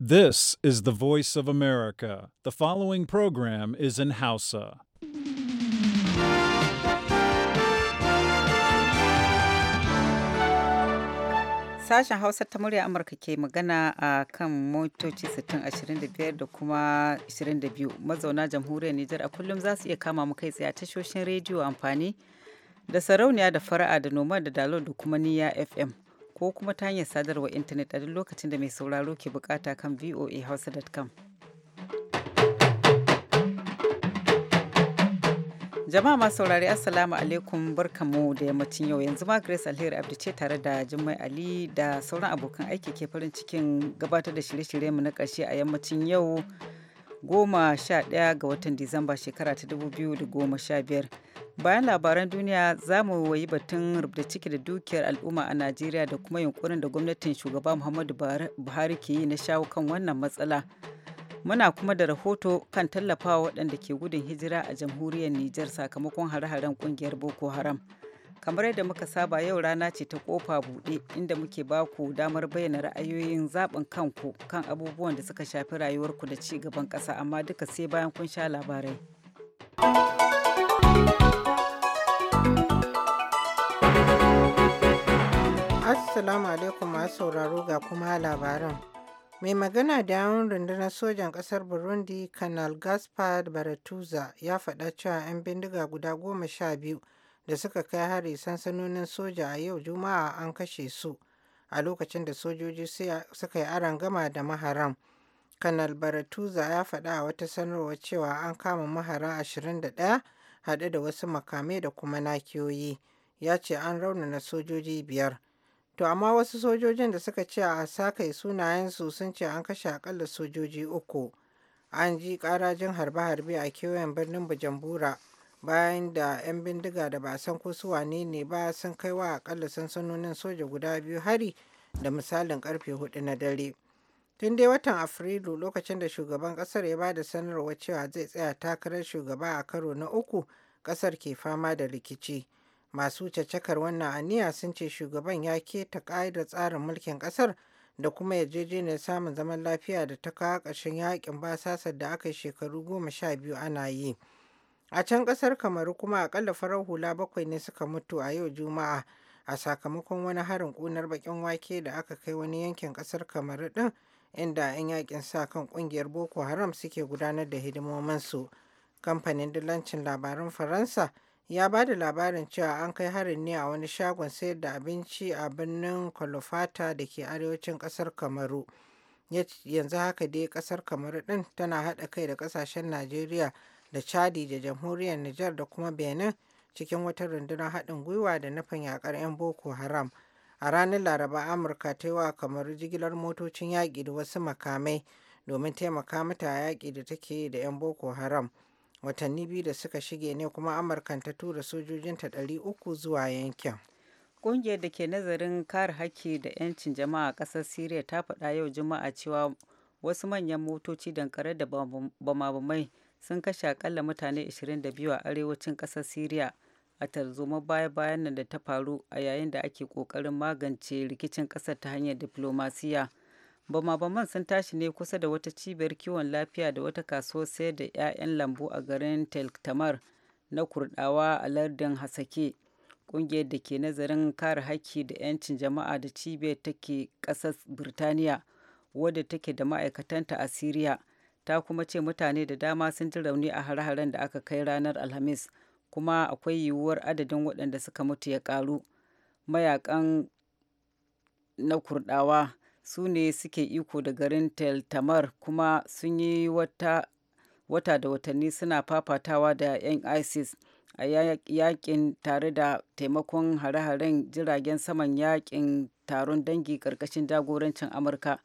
This is the voice of America. The following program is in Hausa. Sashen Hausa ta murya Amurka ke magana a kan motoci 6025 da kuma 22 mazauna jamhuriyar Nijar a kullum za su iya kama mu kai tsaye a tashoshin rediyo amfani da sarauniya da fara'a da noma da dalo da kuma niya FM. ko kuma ta hanyar sadarwar intanet a duk lokacin da mai sauraro ke bukata kan voahausa.com. jama'a masu saurari assalamu alaikum barkamu da yammacin yau yanzu ma grace alheri abdu ce tare da jummai ali da sauran abokan aiki ke farin cikin gabatar da shirye-shirye mu na ƙarshe a yammacin yau goma sha ɗaya ga watan disamba shekara ta dubu biyu da goma sha biyar bayan labaran duniya za mu wayi batun rubda ciki da dukiyar al'umma a najeriya da kuma yunkurin da gwamnatin shugaba muhammadu buhari ke yi na shawo kan wannan matsala muna kuma da rahoto kan tallafawa waɗanda ke gudun hijira a jamhuriyar nijar sakamakon hare-haren ƙungiyar boko haram kamar yadda muka saba yau rana ce ta kofa buɗe inda muke ba ku damar bayyana ra'ayoyin zaɓin kanku kan abubuwan da suka shafi rayuwarku da ci gaban ƙasa amma duka sai bayan kun sha labarai Assalamu alaikum masu sauraro ga kuma labaran. Mai magana da yawon rundunar sojan ƙasar Burundi, Kanal Gaspard Baratuza ya faɗa cewa 'yan bindiga guda goma sha biyu da suka kai hari sansanonin soja a yau Juma'a an kashe su a lokacin da sojoji suka yi aron gama da maharan Kanal Baratuza ya faɗa a wata sanarwa cewa an kama mahara ɗaya, haɗe da wasu makamai da kuma nakiyoyi. Ya ce an raunana sojoji biyar. To amma wasu sojojin da suka ce a sakai sunayensu sun ce an kashe akalla sojoji uku. An ji karajin harbe-harbe a kewayen birnin Bujumbura bayan da 'yan bindiga da ba san ko su wane ne ba sun kai wa akalla sansanonin soja guda biyu hari da misalin karfe hudu na dare. Tun dai watan Afrilu lokacin da shugaban kasar ya ba da sanarwa cewa zai tsaya takarar shugaba a karo na uku kasar ke fama da rikici. masu cacakar wannan aniya sun ce shugaban ya ke keta ƙa'idar tsarin mulkin ƙasar da kuma yarjejeniyar samun zaman lafiya da ta kawo ƙarshen yakin basasar da aka shekaru goma sha biyu ana yi a can ƙasar kamaru kuma akalla farar hula bakwai ne suka mutu a yau juma'a a sakamakon wani harin ƙunar baƙin wake da aka kai wani yankin ƙasar kamaru ɗin inda 'yan yakin sa kan ƙungiyar boko haram suke gudanar da hidimominsu kamfanin dillancin labaran faransa ya ba da labarin cewa an kai harin ne a wani shagon sayar da abinci a birnin Kolofata da ke arewacin kasar Kamaru. Yanzu haka dai kasar Kamaru ɗin tana haɗa kai da ƙasashen Najeriya da Chadi da Jamhuriyar Nijar da kuma Benin cikin wata rundunar haɗin gwiwa da nufin yaƙar 'yan Boko Haram. A ranar Laraba Amurka ta yi wa Kamaru jigilar motocin yaƙi da wasu makamai domin taimaka mata yaƙi da take da 'yan Boko Haram. watanni biyu da suka shige ne kuma amurkan ta tura sojojinta ɗari uku zuwa yankin ƙungiyar da ke nazarin kare haƙƙi da 'yancin jama'a a ƙasar syria ta faɗa yau juma'a cewa wasu manyan motoci dankare da bamabamai sun kashe akalla mutane 22 a arewacin ƙasar syria a tarzoma baya-bayan nan da ta faru a yayin da ake ƙoƙarin magance rikicin ƙasar ta hanyar diflomasiyya Bama-baman sun tashi ne kusa da wata cibiyar kiwon lafiya da wata kasuwar sayar da 'ya'yan lambu a garin telktamar na Kurdawa a lardin Hasake. ƙungiyar da ke nazarin kare haƙƙi da 'yancin jama'a da cibiyar take ƙasar Birtaniya wadda take da ma'aikatanta a Siriya ta kuma ce mutane da dama sun ji rauni a har haren da aka kai ranar Alhamis kuma akwai yiwuwar adadin waɗanda suka mutu ya ƙaru. Mayakan na Kurdawa su ne suke iko da garin tel tamar kuma sun yi wata wata da watanni suna fafatawa da 'yan isis a yakin tare da taimakon hare-haren jiragen saman yakin taron dangi karkashin jagorancin amurka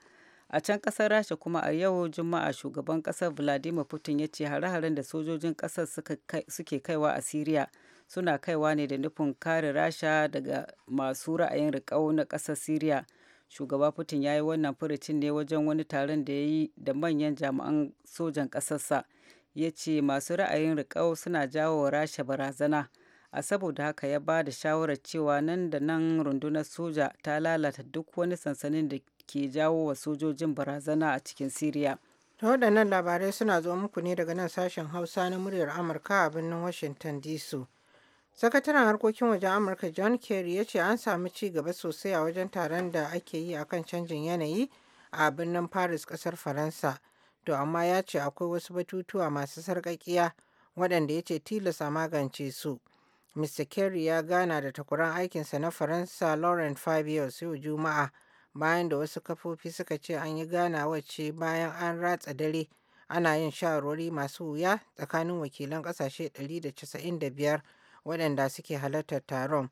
a can kasar rasha kuma a yau juma'a shugaban kasar vladimir putin ya ce hare-haren da sojojin kasar suke kaiwa a syria suna kaiwa ne da nufin kare rasha daga masu ra'ayin riƙau na ƙasar syria shugaba putin ya yi wannan furucin ne wajen wani taron da ya yi da manyan jami'an sojan ƙasarsa ya ce masu ra'ayin rikau suna jawo wa rasha barazana a saboda haka ya ba da shawarar cewa nan da nan rundunar soja ta lalata duk wani sansanin da ke jawo wa sojojin barazana a cikin siriya waɗannan labarai suna zo muku ne daga nan sashen hausa na muryar amurka a birnin washington dc sakataren harkokin wajen amurka john kerry ya ce an samu ci gaba sosai a wajen taron da ake yi a kan canjin yanayi a birnin paris kasar faransa to amma ya ce akwai wasu batutuwa masu sarƙaƙiya waɗanda ya ce tilasa magance su mr kerry ya gana da takuran aikinsa na faransa laurent fabius yau juma'a bayan da wasu kafofi suka ce an yi ganawa ce bayan an ratsa dare ana yin shawarwari masu wuya tsakanin wakilan ƙasashe 195 waɗanda suke halartar taron.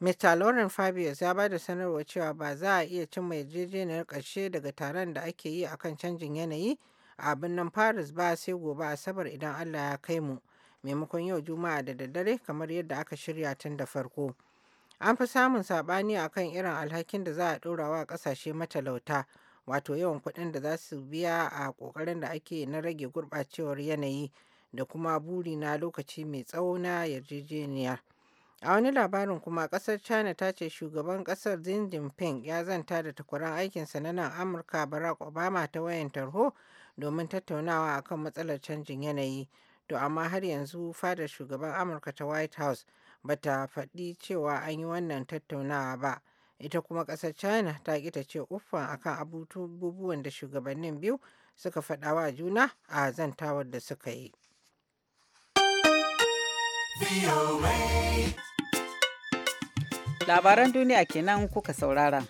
Mr. Lauren Fabius ya ba da sanarwa cewa ba za a iya cin cimma yarjejeniyar ƙarshe daga taron da ake yi akan canjin yanayi a birnin Paris ba sai gobe Asabar idan Allah ya kai mu maimakon yau Juma'a da daddare kamar yadda aka shirya tun da farko. An fi samun saɓani akan irin alhakin da za a ɗora wa ƙasashe matalauta wato yawan kuɗin da za su biya a ƙoƙarin da ake na rage gurɓacewar yanayi da kuma buri na lokaci mai tsawo na yarjejeniya A wani labarin kuma kasar China ta ce shugaban kasar Xi Jinping ya zanta da takwaran aikinsa na nan Amurka Barack Obama ta wayan tarho domin tattaunawa akan matsalar canjin yanayi. To amma har yanzu fadar shugaban Amurka ta White House ba ta faɗi cewa an yi wannan tattaunawa ba. Ita kuma ƙasar China ta kita ce uffan akan abubuwan da shugabannin biyu suka faɗawa juna a zantawar da suka yi. Labaran duniya kenan kuka saurara.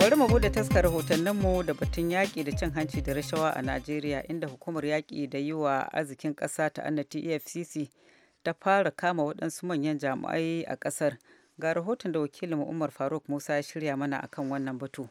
bari mu bude taskar rahotanninmu da batun yaƙi da cin hanci da rashawa a najeriya inda hukumar yaƙi da yi wa arzikin ƙasa ta annati efcc ta fara kama waɗansu manyan jami'ai a ƙasar ga rahoton da wakilin umar faruk musa ya shirya mana akan wannan batu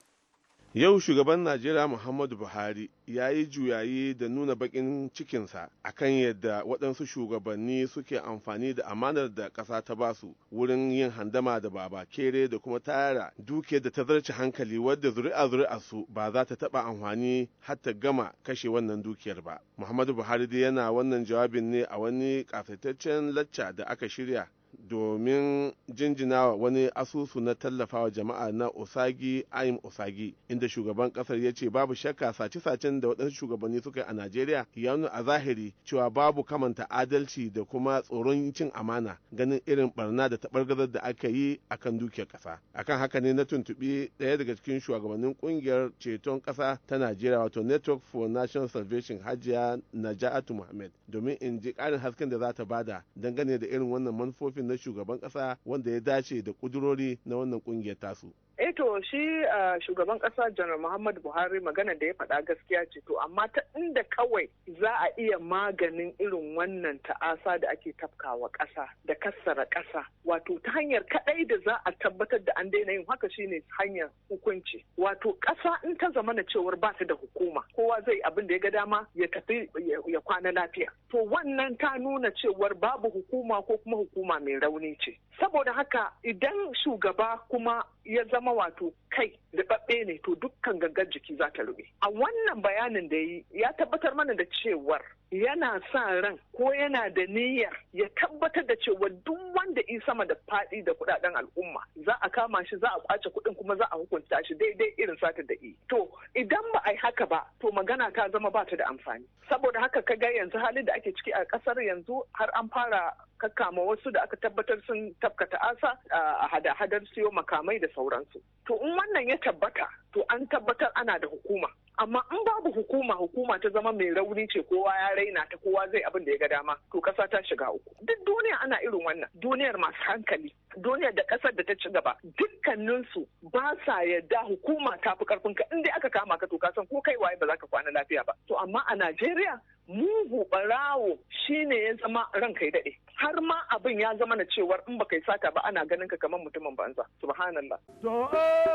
yau shugaban najeriya muhammadu buhari ya yi juyayi da nuna bakin cikinsa a kan yadda waɗansu shugabanni suke amfani da amanar da ƙasa ta basu wurin yin handama da baba kere da kuma tara duke da ta zarce hankali wadda zuri'a zuri'a su ba za ta taɓa amfani har ta gama kashe wannan dukiyar ba muhammadu buhari dai yana wannan jawabin ne a wani ƙasaitaccen lacca da aka shirya domin jinjinawa wani asusu na tallafawa jama'a na osagi aim osagi inda shugaban kasar ya ce babu shakka sace-sacen da waɗansu shugabanni suka yi a najeriya ya nuna a zahiri cewa babu kamanta adalci da kuma tsoron cin amana ganin irin barna da taɓargazar da aka yi akan dukiyar ƙasa akan haka ne na tuntubi ɗaya daga cikin shugabannin ƙungiyar ceton ƙasa ta najeriya wato network for national salvation hajiya najatu muhammad domin in ji ƙarin hasken da za ta bada dangane da irin wannan manufofin na shugaban kasa wanda ya dace da ƙudurori na wannan ƙungiyar tasu. eh to shi ah, shugaban kasa janar muhammad buhari magana da ya faɗa gaskiya ce to amma ta inda kawai za a iya maganin irin wannan ta'asa da ake tafkawa ƙasa da kassara ƙasa wato ta hanyar kaɗai da za a tabbatar da an daina yin haka shine hanyar hukunci wato ƙasa in ta zama na cewar ba ta da hukuma kowa zai abin da ya ga dama ya tafi ya kwana lafiya to wannan ta nuna cewar babu hukuma ko kuma hukuma mai rauni ce saboda haka idan shugaba kuma ya zama kuma wato kai da babbe ne to dukkan gangar jiki za ta rube a wannan bayanin da yi ya tabbatar mana da cewar yana sa ran ko yana da niyyar ya tabbatar da cewa duk wanda in sama da faɗi da kuɗaɗen al'umma za a kama shi za a kwace kuɗin kuma za a hukunta shi daidai irin sata da i to idan ba a yi haka ba to magana ta zama ba ta da amfani saboda haka ka ga yanzu halin da ake ciki a ƙasar yanzu har an fara kakkama wasu da aka tabbatar sun tafkata asa a hada-hadar siyo makamai da sauransu to in wannan ya tabbata to an tabbatar ana da hukuma amma in babu hukuma hukuma ta zama mai rauni ce kowa ya raina ta kowa zai abin da ya ga dama to kasa ta shiga uku duk duniya ana irin wannan duniyar masu hankali duniyar da kasar da ta ci gaba dukkaninsu ba sa yadda hukuma ta fi karfin ka in dai aka kama ka to ka san ko kai waye ba za ka kwana lafiya ba to amma a Najeriya mugu barawo shine ya zama ranka ya daɗe har ma abin ya zama na cewar in baka yi sata ba ana ganin ka kamar mutumin banza subhanallah to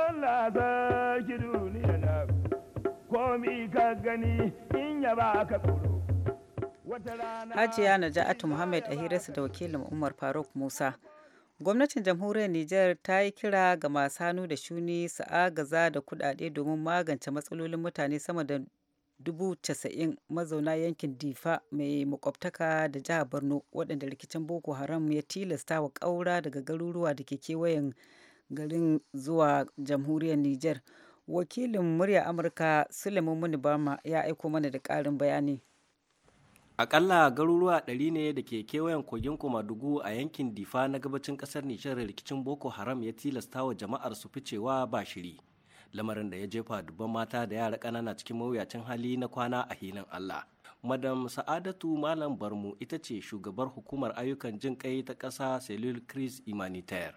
Allah za ki duniya na komi ka gani in ya ba ka tsoro Hajiya Naja'atu Muhammad a hirarsa da wakilin Umar Faruk Musa. Gwamnatin jamhuriyar Nijar ta yi kira ga masu hannu da shuni su agaza da kudade domin magance matsalolin mutane sama da 90,000 mazauna yankin difa mai makwabtaka da jihar borno waɗanda rikicin boko haram ya tilasta wa ƙaura daga garuruwa da ke kewayen garin zuwa jamhuriyar niger wakilin murya amurka suleiman munibama ya aiko mana da ƙarin bayani akalla garuruwa ɗari ne da ke kewayen kogin kumadugu a yankin difa na gabacin ƙasar nijar rikicin boko haram ya tilasta wa jama'ar su ficewa ba shiri lamarin da ya jefa dubban mata da yara kanana cikin mawuyacin hali na kwana a hilin Allah. Madam Sa'adatu Malam Barmu ita ce shugabar hukumar ayyukan jin kai ta ƙasa Selul Chris Imanitair.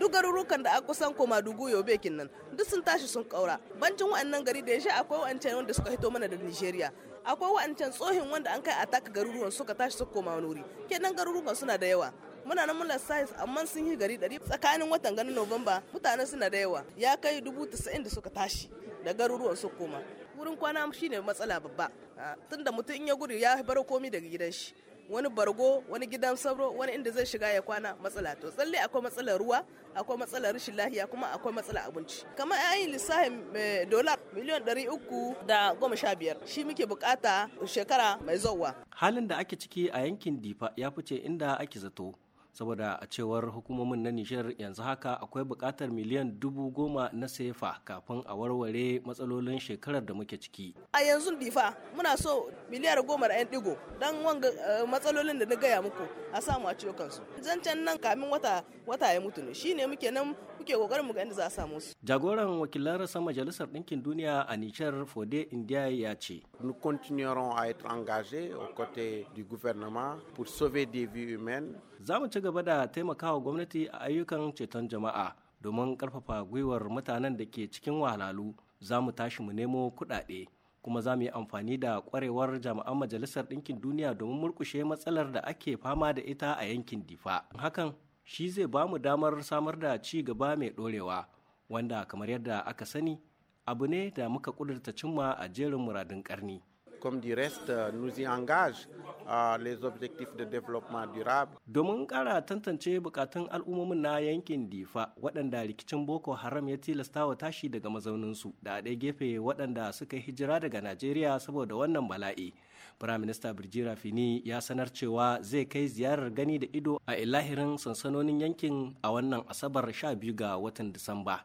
duk garurukan da a kusan koma dugu yobe nan duk sun tashi sun kaura bancin wa'annan gari da ya sha akwai wa'ancan wanda suka hito mana da nigeria akwai wa'ancan tsohin wanda an kai a taka garuruwan suka tashi suka koma wani wuri kenan garuruwan suna da yawa muna nan muna size amma sun yi gari ɗari tsakanin watan ganin Nuwamba mutane suna da yawa ya kai dubu tasa'in da suka tashi da garuruwan su koma wurin kwana shine matsala babba ah, tunda mutum in ya gudu ya bar komi daga gidan shi wani bargo wani gidan sauro wani inda zai shiga ya kwana matsala to tsalle akwai matsalar ruwa akwai matsalar rashin lahiya kuma akwai matsalar abinci kamar yayin lissafin eh, dolar miliyan ɗari uku da goma sha biyar shi muke bukata shekara mai zauwa halin da ake ciki a yankin difa ya fice inda ake zato saboda a cewar hukumomin na nishar yanzu haka akwai bukatar miliyan dubu goma na sefa kafin a warware matsalolin shekarar da muke ciki a yanzu difa muna so miliyar goma da 'yan digo don wanga eh, matsalolin da na gaya muku a samu a ciwo kansu zancen nan kamin wata wata ya mutu ne shine muke nan muke kokarin mu ga inda za a samu su jagoran wakilan rasa majalisar ɗinkin duniya a nishar fode india ya ce nous continuerons à être engagés aux côtés du gouvernement pour sauver des vies humaines za mu ci gaba da taimakawa gwamnati a ayyukan ceton jama'a domin karfafa gwiwar mutanen da ke cikin wahalalu za mu tashi mu nemo kuɗaɗe kuma za mu yi amfani da kwarewar jami'an majalisar ɗinkin duniya domin murkushe matsalar da ake fama da ita a yankin difa hakan shi zai ba mu damar samar da ci gaba mai ɗorewa wanda kamar yadda aka sani abu ne da muka ƙudurta cimma a jerin muradin ƙarni comme du reste uh, nous y engage à uh, les objectifs de développement durable. Domin kara tantance bukatun al'ummomin na yankin Difa waɗanda rikicin Boko Haram ya tilasta wa tashi daga mazauninsu da ɗaya gefe waɗanda suka hijira daga Najeriya saboda wannan bala'i. Firaminista Birjira Fini ya sanar cewa zai kai ziyarar gani da ido a ilahirin sansanonin yankin a wannan Asabar 12 ga watan Disamba.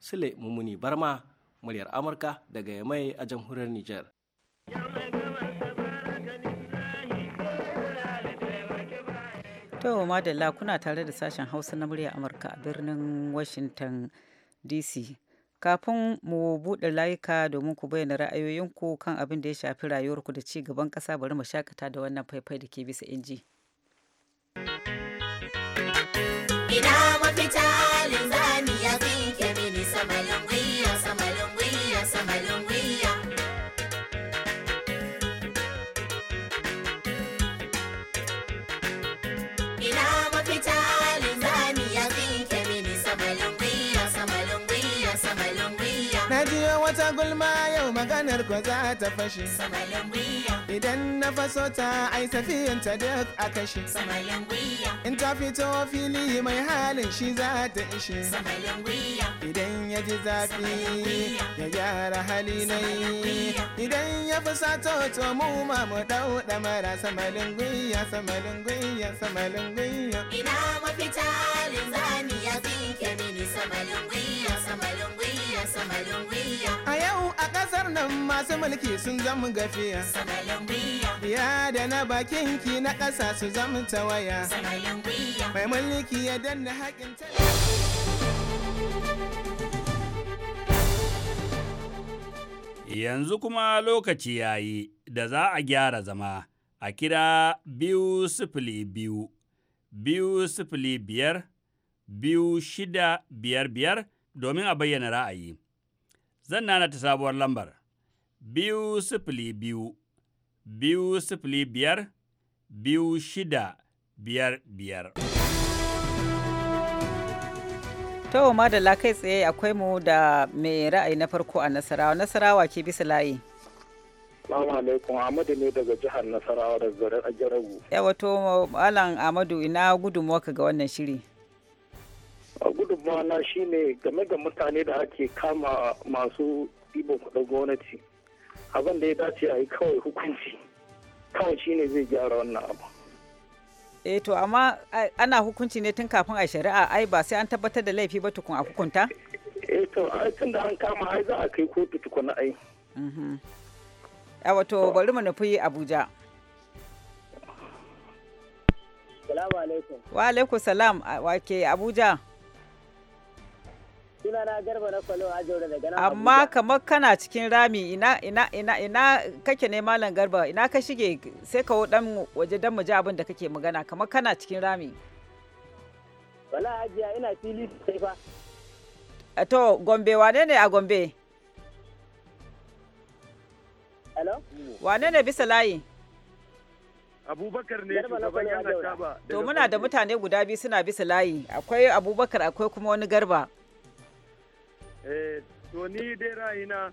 Sule Mumuni Barma, muryar Amurka daga Yamai a jamhuriyar Nijar. To Madalla kuna tare da sashen Hausa na murya Amurka a birnin Washington DC. Kafin mu buɗe layuka domin ku bayyana ra'ayoyinku kan abin da ya shafi rayuwarku da ci gaban ƙasa bari mu shakata da wannan faifai da ke bisa inji. Ina mafita gulma yau maganar ko za ta fashe idan na faso ta ai safiyin ta duk a kashe in ta fito fili mai halin shi za ta ishe idan ya ji zafi ya gyara hali nai idan ya fi sato to mu ma mu dau damara samalin gwiya samalin gwiya samalin gwiya ina mafita linzani ya fi mini samalin gwiya samalin gwiya samalin gwiya A ƙasar nan masu mulki sun zama gafiya. Ya da na bakin ki na ƙasa su zama tawaya. Mai mulki ya danna haƙin Yanzu kuma lokaci yayi da za a gyara zama a kira biyu sifili biyu, biyu sifili biyar, biyu shida biyar biyar domin a bayyana ra'ayi. Zan nana ta sabuwar lambar biyu sifili biyu, biyu sifili biyar, biyu shida biyar biyar. Tawo madalla kai tsaye akwai mu da mai ra'ayi na farko a Nasarawa. Nasarawa ke bisa layi. Salamu alaikum, Amadu ne daga jihar Nasarawa da a Ajaragu. Yawa to Malam Amadu ina gudunmuwa ga wannan shiri. a gudunmawa na shine game da mutane da ake kama masu ibo kudin gwamnati abin da ya dace a yi kawai hukunci kawai shine zai gyara wannan abu eh to amma ana hukunci ne tun kafin a shari'a ai ba sai an tabbatar da laifi ba tukun a hukunta eh to ai tun da an kama ai za a kai kotu tukun ai a mhm. eh, wato bari mu nufi abuja Salamu alaikum. Wa alaikum salam wake Abuja. suna na garba na kwalo a jaure daga nan amma kamar kana cikin rami ina ina ina ina kake ne malam garba ina ka shige sai ka dan waje dan mu ji abin da kake magana kamar kana cikin rami wala ajiya ina fili sai fa eh, to gombe wane ne a gombe hello wane ne bisa layi abubakar ne shugaban yana kaba to muna da mutane guda biyu suna bisa layi akwai abubakar akwai kuma wani garba Eh, to ni dai ra'ayina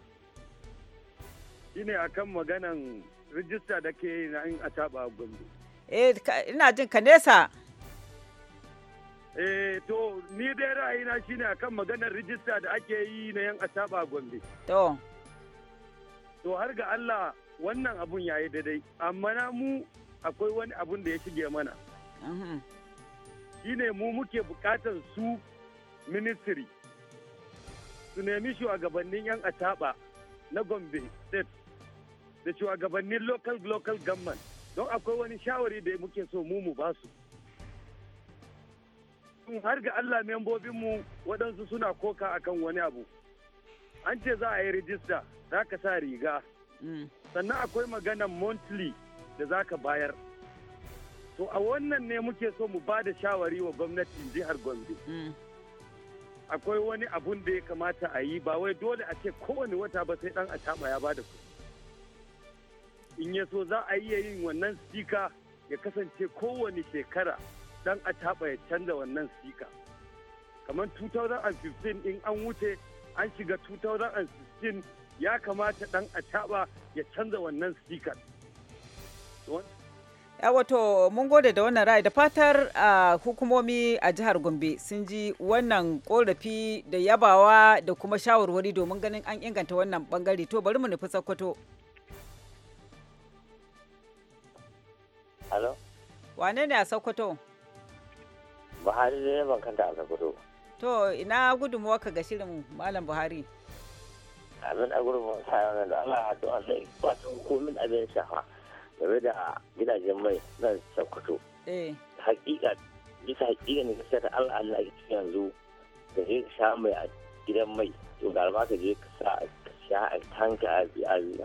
shine akan maganan rijista da ke na in a taba gombe. Eh, ina jin ka nesa. Eh, to ni dai ra'ayina shine akan maganar rijista da ake yi na yan a taba gombe. To. To har ga Allah wannan abun yayi daidai, amma na mu akwai wani abun da ya shige mana. Mhm. Shine mu muke bukatar su ministry. su nemi shugabannin 'yan ataba na gombe state da shugabannin local local government don akwai wani shawari da muke so mu mu ba su. har ga allah membobinmu waɗansu suna koka akan wani abu an ce za a yi rijista za ka sa riga mm. sannan akwai maganan monthly da za ka bayar to a wannan ne muke so mu ba da shawari wa gwamnatin jihar gombe mm. akwai wani abun da ya kamata a yi ba wai dole a ce kowane wata ba sai dan a taba ya bada kuɗi in ya so za a iya yin wannan sika ya kasance kowane shekara dan a taba ya canza wannan sika kamar 2015 in an wuce an shiga 2016 ya kamata dan a taba ya canza wannan sika wato mun gode da wannan ra'ayi da fatar hukumomi a jihar gombe sun ji wannan korafi da yabawa da kuma shawarwari domin ganin an inganta wannan bangare to bari mu nufi sakkwato Halo? Wane ne a Sokoto? Buhari ne ban kanta a sakkwato To ina gudunmuwa ka ga shirin Malam Buhari. Abin a gudunmuwa sa da Allah a to Allah ya komin abin shafa. game da gidajen mai nan sokoto eh. hakika bisa hakika ne kasar allah allah ya cikin yanzu da zai sha mai a gidan mai to da je ka sa a sha a tanka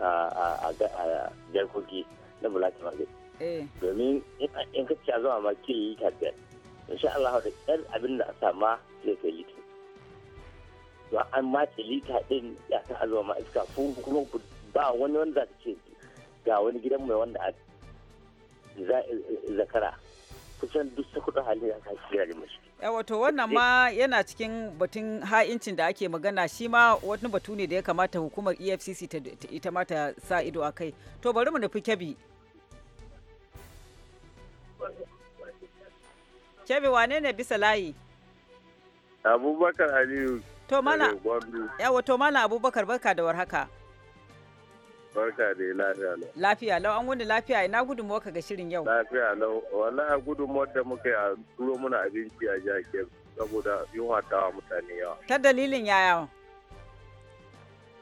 a jarkoki na bulaki market eh. domin in ka cika zama ma ke yi ta in sha allah da ƙyar abin da a sama zai kai yi to an mace lita ɗin ya ta halwa ma iska kuma ba wani wanda za ta ce ga wani gidan mai wanda a zakara kusan duk su kuɗin halin ya kashi shirya da mashi. Eh, wato wannan ma yana cikin batun ha'incin da ake magana shi ma wani batu ne da ya kamata hukumar efcc ta ita ma ta sa ido a kai to bari mu nufi kyabi kyabi wane ne bisa layi abubakar aliyu to mana yawa eh, to mana abubakar barka da warhaka haka Barka da lafiya lau. Lafiya lau an wani lafiya ina gudun ka ga shirin yau. Lafiya lau wallahi gudunmuwar da muka yi a turo muna abinci a jake saboda yunwa ta mutane yawa. Ta dalilin yaya?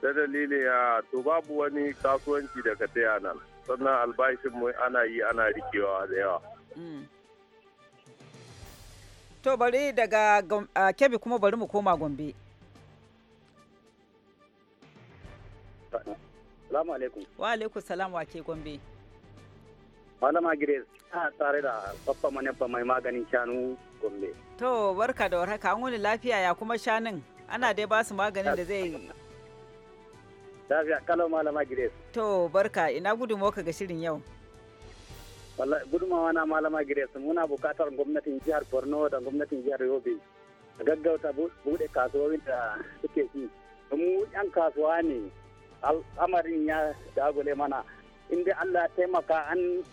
Ta dalilin ya to babu wani kasuwanci da ka yanar nan sannan albashin mu ana yi ana rikewa da yawa. Mm. To bari daga kebi kuma bari mu koma Gombe. Salamu alaikum. Wa alaikum salam wa ke Gombe. Malama Grace, a tare da babba manufa mai maganin shanu Gombe. To, barka da warhaka, an wuni lafiya ya kuma shanun. Ana dai ba su maganin da zai Lafiya kalau malama Grace. To, barka, ina gudunmawa ka ga shirin yau. Wallahi gudunmawa na malama Grace, muna bukatar gwamnatin jihar Borno da gwamnatin jihar Yobe. gaggauta buɗe kasuwowin da suke ci. Mu 'yan kasuwa ne, al'amarin ya dagule mana in dai Allah taimaka an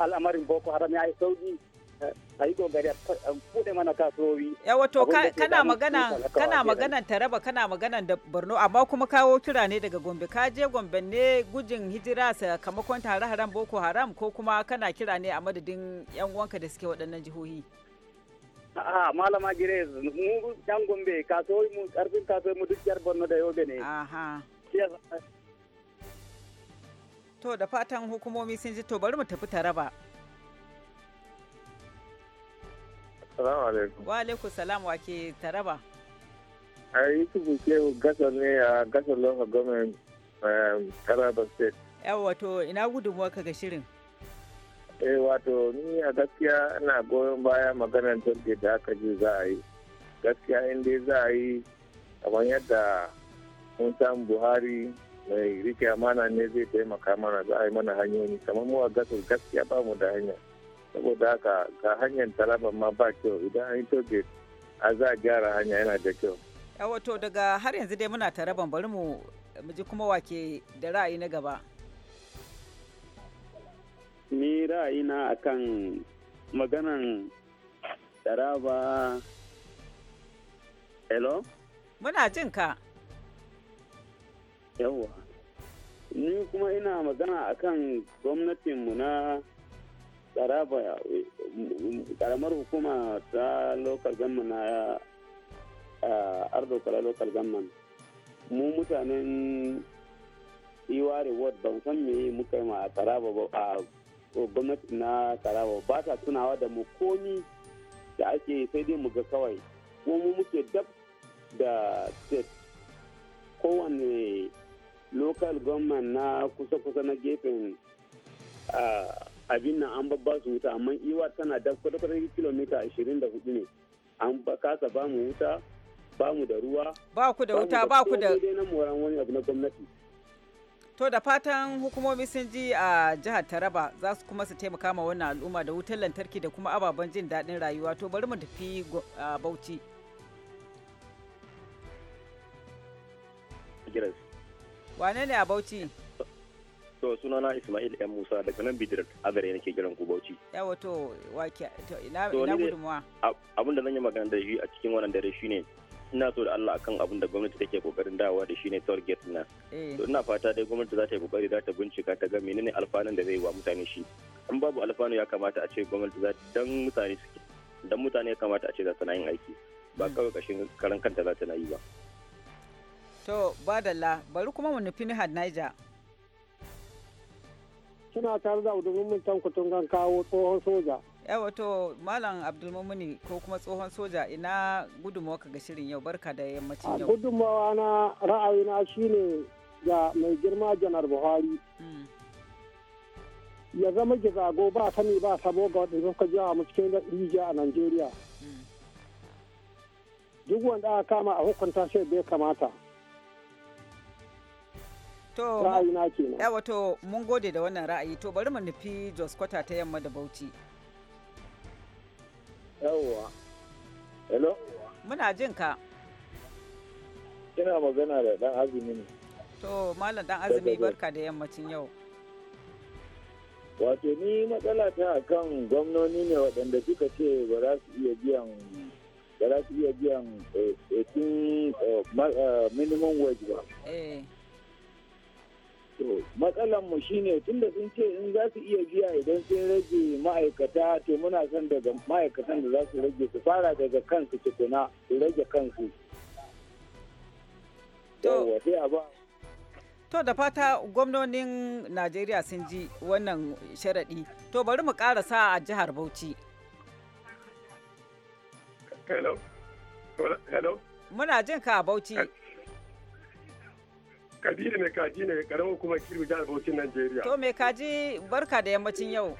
al'amarin boko haram ya yi sauki eh, a yi kokari a bude mana kasuwowi yawa to kana magana kana magana taraba kana maganan da borno amma kuma kawo kira ne daga gombe ka je gombe ne gujin hijira sakamakon har haram boko haram ko kuma kana kira ne a madadin yan uwanka da suke waɗannan jihohi a malama gire mu yan gombe kasuwoyi mu karfin kasuwoyi mu duk yar borno da yobe ne. To da fatan hukumomi sun ji to bari mu tafi taraba. Salamu alaikum. Wa alaikum salam wa ke taraba. A Yusufu ke gasar ne a gasar local government um, taraba state. Yawa wato ina gudunmuwa ka ga shirin. Eh wato ni a gaskiya ina goyon baya maganar jirgin da aka ji za a yi. Gaskiya in dai za a yi kamar yadda mun samu buhari mai eh, rike amana ne zai taimaka mana za a yi mana hanyoyi kamar mu a gasar gaskiya ba mu da hanya saboda haka ga hanyar taraba ma ba kyau idan an yi toge a za a gyara hanya yana da kyau wato daga har yanzu dai muna taraban bari mu mu ji kuma wake da ra'ayi na gaba ni ra'ayi na akan maganan taraba hello muna jin ka yawwa ni kuma ina magana akan gwamnatinmu na tsaraba karamar hukuma ta local government na ardo kala local government mu mutanen iware ward ban san me muka yi ma taraba ba a gwamnati na taraba ba ta tunawa da mu komi da ake sai dai mu ga kawai kuma mu muke dab da state kowane local government na kusa-kusa na gefen abin nan an babba su wuta amma iwa tana da kwadakwadar kilomita 24 ne an kasa ba mu wuta ba mu da ruwa ba ku da wuta ba ku da na moran wani abu na gwamnati to da fatan hukumomi sun ji a jihar taraba za su kuma su taimaka ma wannan al'umma da wutar lantarki da kuma ababen jin daɗin rayuwa to bari mu tafi bauchi wane ne a bauchi to sunana ismail yan musa daga nan bidirar azare nake kiran ku bauchi yawa to ina gudunmuwa abin da zan yi magana da shi a cikin wannan dare shine ina so da Allah akan abin da gwamnati take kokarin dawowa da ne toll gate na eh. to ina fata dai gwamnati za ta yi kokari za ta bincika ta ga menene alfanun da zai wa mutane shi in babu alfanu ya kamata a ce gwamnati za dan mutane suke dan mutane ya kamata a ce za ta na yin aiki ba hmm. kawai kashin karan kanta za ta na yi ba To, badalla, bari kuma mu nufi Nihad Niger. Suna tare da Abdulmumin Tankutun gan kawo tsohon soja. Yawa to, Malam Abdulmumini ko kuma tsohon soja ina gudunmawa ka ga shirin yau barka da yammacin yau. Gudunmawa na ra'ayi ra'ayina shine ga mai girma janar Buhari. Hmm. Ya zama gizago ba sani ba sabo ga waɗanda suka jawa mu cikin rijiya a Najeriya. Hmm. Duk wanda aka kama a hukunta shi bai kamata. To, ra'ayina Yawa to mun gode da wannan ra'ayi to bari mu nufi Jos Kwata ta yamma da Bauchi. Yawa. Hello. Muna jin ka. Ina magana da dan azumi ne. To, malam dan azumi barka da yammacin yau. Wato ni matsala ta kan gwamnoni ne waɗanda suka ce ba za su iya biyan ba za su iya biyan eh, eh, eh, minimum wage ba. Eh. To, mu shine tunda sun ce in za su iya biya idan sun rage ma'aikata to muna son daga ma'aikatan da za su rage su fara daga kansu kuna su rage kansu. To, da fata gwamnonin Najeriya sun ji wannan sharaɗi. To bari mu sa a jihar Bauchi. Hello. Hello. Muna jin ka a Bauchi. kabiru mai kaji ne karamar hukumar kirbi jihar bauchi najeriya to mai kaji barka da yammacin yau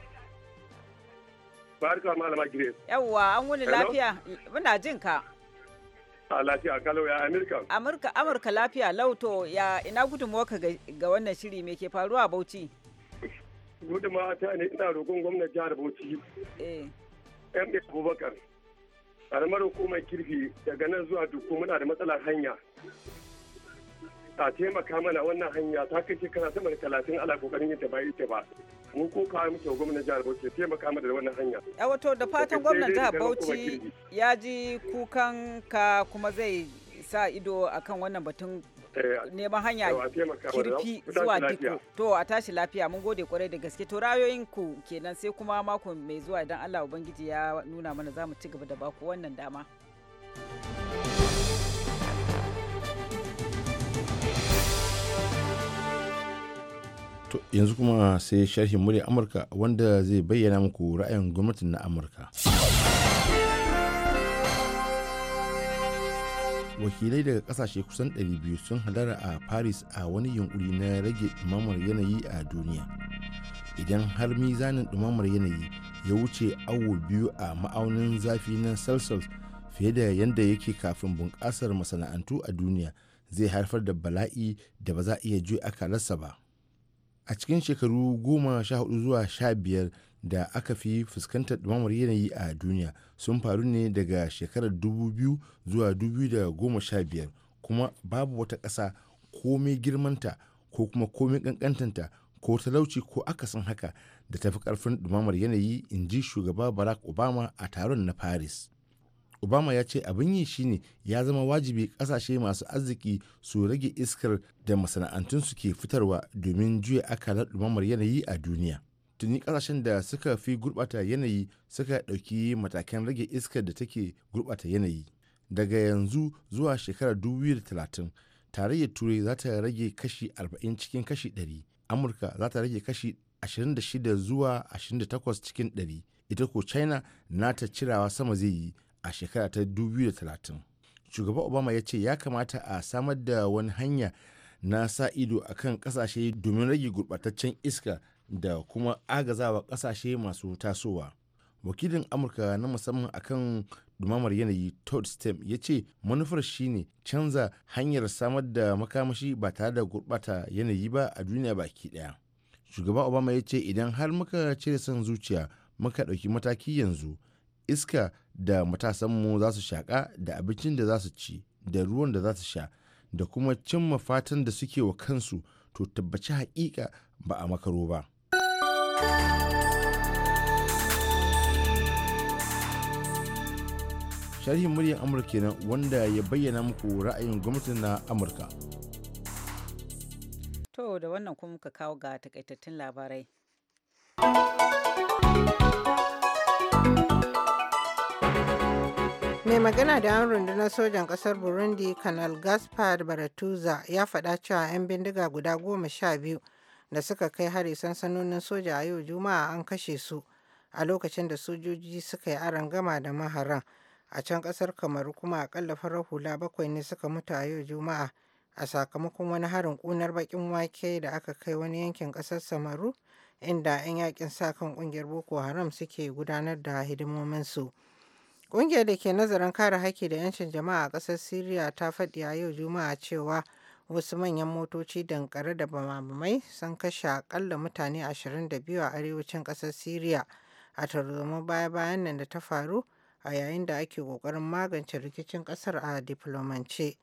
barka malama gire. yawwa an wuni lafiya muna jin ka a lafiya kalau ya amurka amurka amurka lafiya lauto ya ina gudunmuwa ga wannan shiri mai ke faruwa a bauchi gudunmawa ta ne ina roƙon gwamnati jihar bauchi eh mb abubakar karamar hukumar kirfi daga nan zuwa duku muna da matsalar hanya a taimaka mana wannan hanya ta kai shekara sama da talatin ala kokarin yin ta ba ta ba mu ko kawo muke gwamnan jihar Bauchi taimaka mana da wannan hanya ya wato da fatan gwamnan jihar Bauchi ya ji kukan ka kuma zai sa ido akan wannan batun eh, neman hanya kirfi zuwa diko to a tashi lafiya mun gode kwarai da gaske to rayoyin ku kenan sai kuma mako mai zuwa idan Allah ubangiji ya nuna mana za mu ci gaba da baku wannan dama. To yanzu kuma sai sharhin murya Amurka wanda zai bayyana muku ra'ayin gwamnatin na Amurka. wakilai daga kasashe kusan 200 sun hadara a paris a wani yunkuri na rage dumamar yanayi a duniya idan har mizanin dumamar yanayi ya wuce awo biyu a ma'aunin zafi na celsius fiye da yadda yake kafin bunƙasar masana'antu a duniya zai haifar da bala'i da ba za a iya juya akalarsa ba a cikin shekaru goma sha hudu zuwa sha biyar da aka fi fuskantar dumamar yanayi a duniya sun faru ne daga shekarar dubu biyu zuwa dubu da goma sha biyar kuma babu wata ƙasa mai girmanta ko kuma komai ƙanƙantanta ko talauci ko akasin haka da tafi ƙarfin dumamar yanayi in ji shugaba barack obama a taron na paris obama ya ce abin yi shine ya zama wajibi kasashe masu arziki su rage iskar da masana'antunsu ke fitarwa domin juya akalar ɗumamar yanayi a duniya tuni kasashen da suka fi gurbata yanayi suka ɗauki matakan rage iskar da take gurbata yanayi daga yanzu zuwa shekarar 2030 tarayyar turai za ta rage kashi 40 cikin kashi 100 amurka za ta rage kashi 26 zuwa 28 cikin 100 ita ko china na ta cirawa sama zai yi a shekara ta 2030 shugaba obama ya ce ya kamata a samar da wani hanya na sa ido a kan kasashe domin rage gurɓataccen iska da kuma agazawa kasashe masu tasowa wakilin amurka na musamman akan dumamar yanayi todd stem ya ce manufar shine canza hanyar samar da makamashi ba tare da gurɓata yanayi ba a duniya baki ɗaya shugaba obama ya ce idan har muka cire son zuciya muka ɗauki mataki yanzu iska da matasanmu za su shaƙa da abincin da za su ci da ruwan da za su sha da kuma cimma fatan da suke wa kansu to tabbaci haƙiƙa ba a makaro ba. sharhin muryar amurka kenan wanda ya bayyana muku ra'ayin gwamnatin na amurka to da wannan kuma ka kawo ga takaitattun labarai mai magana da yan rundunar sojan kasar burundi kanal gaspard baratuza ya faɗa cewa 'yan bindiga guda goma sha biyu da suka kai hari sansanonin soja a yau juma'a an kashe su a lokacin da sojoji suka yi aron gama da maharan a can kasar kamaru kuma akalla farar hula bakwai ne suka mutu a yau juma'a a sakamakon wani harin kunar bakin wake da aka kai wani yankin kasar samaru inda 'yan yakin sa kan kungiyar boko haram suke gudanar da hidimominsu. su Ƙungiyar da ke nazarin kare haƙƙi da 'yancin jama'a a ƙasar Siriya ta faɗi a yau Juma'a cewa wasu manyan motoci dankare da bamamai sun kashe aƙalla mutane 22 a arewacin ƙasar Siriya a tarzoma baya-bayan nan da ta faru a yayin da ake ƙoƙarin magance rikicin ƙasar a diflomance.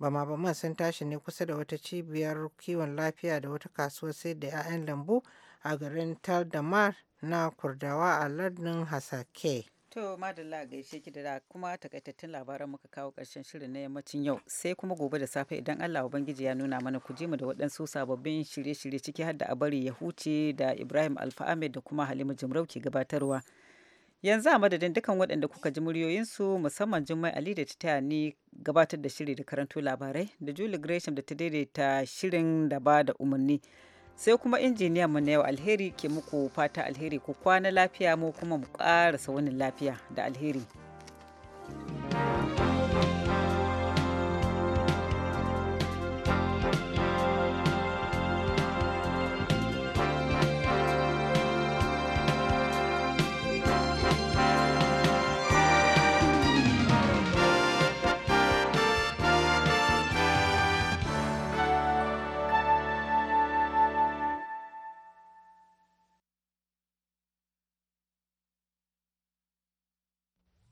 Bama-baman sun tashi ne kusa da wata cibiyar kiwon lafiya da wata kasuwar sai da 'ya'yan lambu a garin Tal Damar na Kurdawa a lardin Hasake. To madalla gaishe ki da kuma takaitattun labaran muka kawo karshen shirin na yammacin yau sai kuma gobe da safe idan Allah ubangiji ya nuna mana ku je mu da waɗansu sababbin shirye-shirye ciki har da a bari ya huce da Ibrahim Alfa Ahmed da kuma Halima Jimrau ke gabatarwa. Yanzu a madadin dukan waɗanda kuka ji su musamman Jummai Ali da ta ta ni gabatar da shiri da karanto labarai da Julie Gresham da ta daidaita shirin da ba da umarni. sai kuma injiniya mu na yau alheri ke muku fata alheri ku kwana lafiya mu kuma mu ƙarasa wani lafiya da alheri. thank you